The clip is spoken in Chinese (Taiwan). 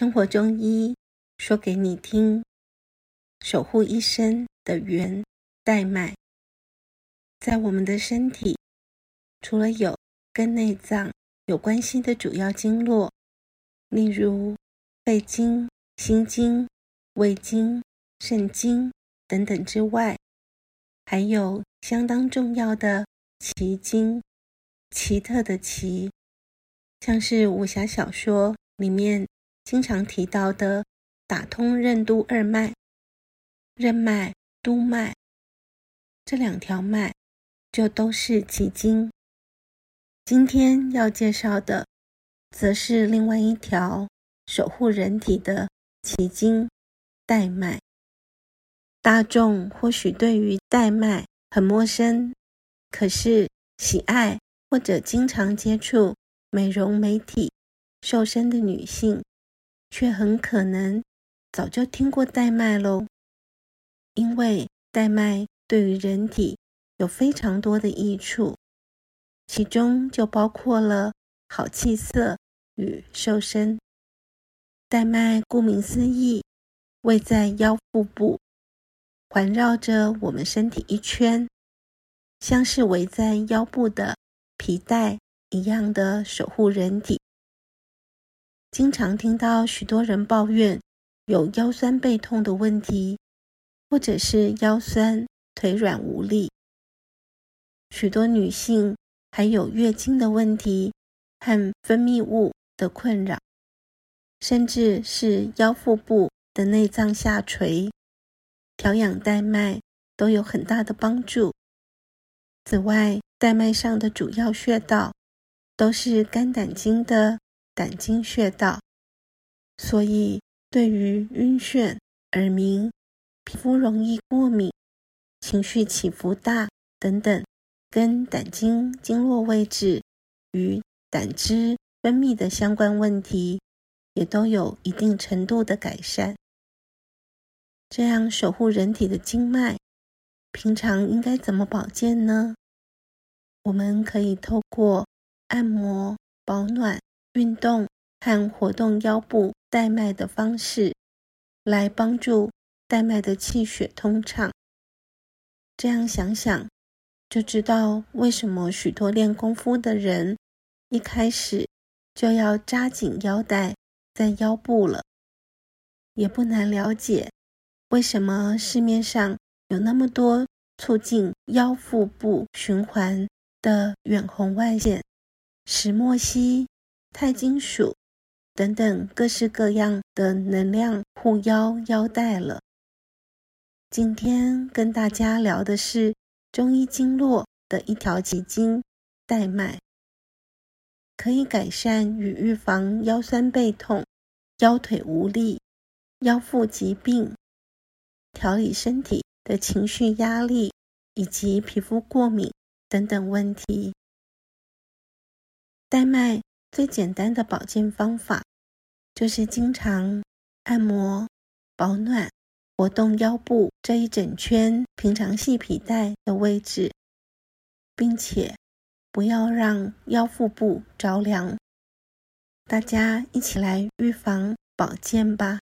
生活中醫，一說給你聽，守護一身的圓，帶脈，在我們的身體，除了有跟內臟有關係的主要經絡，例如肺經、心經、胃經、腎經等等之外，還有相當重要的奇經，奇特的奇，像是武俠小說裡面。經常提到的打通任督二脈，任脈、督脈這兩條脈就都是奇經。今天要介紹的，則是另外一條守護人體的奇經帶脈。大眾或許對於帶脈很陌生，可是喜愛或者經常接觸美容、美體、瘦身的女性，卻很可能早就聽過帶脈嘍，因為帶脈對於人體有非常多的益處，其中就包括了好氣色與瘦身。帶脈顧名思義，位在腰腹部，環繞着我們身體一圈，像是圍在腰部的皮帶一樣的守護人體。經常聽到許多人抱怨有腰酸背痛的問題，或者是腰酸腿軟無力，許多女性還有月經的問題和分泌物的困擾，甚至是腰腹部的內臟下垂，調養帶脈都有很大的幫助。此外，帶脈上的主要穴道都是肝膽經的。膽經穴道，所以對於暈眩、耳鳴、皮膚容易過敏、情緒起伏大等等，跟膽經經絡位置與膽汁分泌的相關問題，也都有一定程度的改善。這樣守護人體的經脈，平常應該怎麼保健呢？我們可以透過按摩、保暖。運動和活動腰部帶脈的方式，來幫助帶脈的氣血通暢。這樣想想，就知道為什麼許多練功夫的人一開始就要扎緊腰帶在腰部了。也不難了解，為什麼市面上有那麼多促進腰腹部循環的遠紅外線、石墨烯。鈦金屬等等各式各樣的能量護腰腰帶了。今天跟大家聊的是中醫經絡的一條奇經，帶脈，可以改善與預防腰酸背痛、腰腿無力、腰腹疾病，調理身體的情緒壓力以及皮膚過敏等等問題。帶脈。最簡單的保健方法，就是經常按摩、保暖、活動腰部這一整圈，平常繫皮帶的位置，並且不要讓腰腹部着涼。大家一起來預防保健吧。